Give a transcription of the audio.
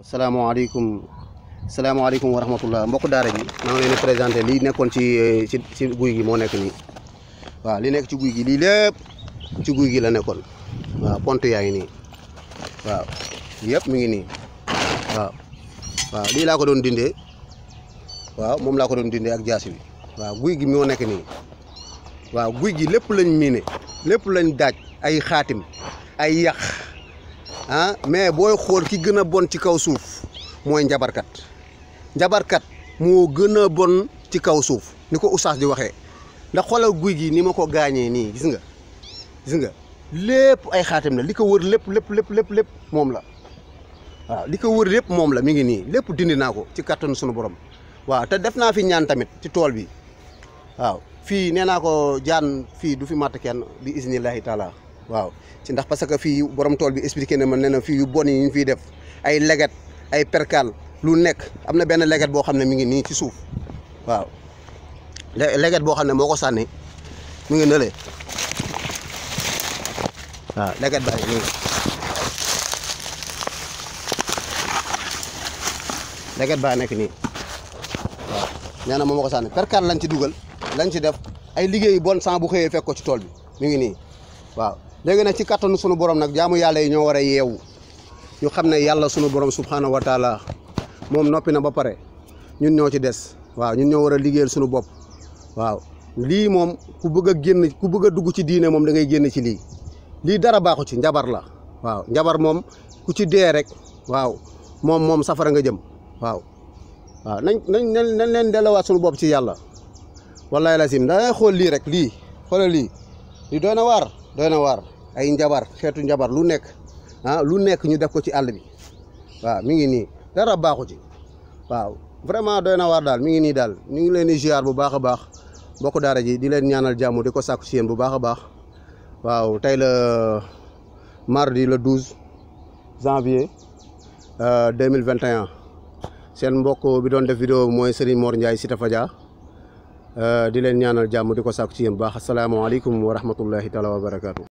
asalaamaaleykum salaamaaleykum wa rahmatullah mbokk daara ji maa ngi leen présenté lii nekkoon ci ci guy gi moo nekk nii waaw li nekk ci guy gi lii lépp ci guy gi la nekkoon waaw yaa ngi nii waaw yëpp ngi nii waaw lii laa ko doon dindee waaw moom laa ko doon dindee ak jaasi bi waaw guy gi moo nekk nii waaw guy gi lépp lañ miine lépp lañ daaj ay xaatim ay yàq ah mais booy xool ki gën a bon ci kaw suuf mooy njabarkat njabarkat moo gën a bon ci kaw suuf ni ko oustaz di waxee ndax xoolal guy gi ni ma ko gaañee nii gis nga gis nga lépp ay xaatim la li ko wër lépp lépp lépp lépp lépp moom la waaw li ko wër lépp moom la mi ngi nii lépp dindi naa ko ci kattanu sunu borom waaw te def naa fi ñaan tamit ci tool bi waaw fii nee naa ko jaan fii du fi matt kenn bi isnillahi taala Wow, ci ndax parce que fi borom tool bi expliquer na man ne na yu bon yi ñu fi def ay legat ay percal lu nek amna ben legat leget xamne mi ngi ni ci suuf waaw legat bo xamne moko sanni mi ngi nële ah leget baa ni legat ba nek ni nii moko sanni na percal lañ ci dugal lañ ci def ay liggéey bon sang bu xeye fekk ko ci tool bi mi ngi ni waaw léegi nag ci katanu sunu borom nak jaamu yalla yi ñoo wara yewu ñu xamne yalla sunu borom subhanahu wa taala mom nopi na ba pare ñun ñoo ci dess waaw ñun ñoo wara a sunu bop waaw li mom ku bëgg a ku bëgg dugg ci diine mom da ngay génn ci li li dara baaxu ci njabar la waaw njabar mom ku ci dé rek waaw mom mom safara nga jëm waaw waaw nañ nañ nañ leen delloowaat sunu bop ci yalla wallahi lazim da ngay xol li rek li xoolal li li doona war doy na waar ay njabar xeetu njabar lu nekk ah lu nekk ñu def ko ci àll bi waaw mu ngi nii dara baaxu ci waaw vraiment doy na waar daal mi ngi nii daal ñu ngi leen di ziar bu baax a baax mbokku daara ji di leen ñaanal jàmm di ko sàkku si yéen bu baax a baax waaw tey la euh, mardi le 12 janvier 2021 euh, seen mbokk bi doon def vidéo bi mooy Serigne Mor Ndiaye Cité Fadia Eh, di len ñaanal jamm diko ko ci yéen baax alaykum wa rahmatullahi taala wa barakatuh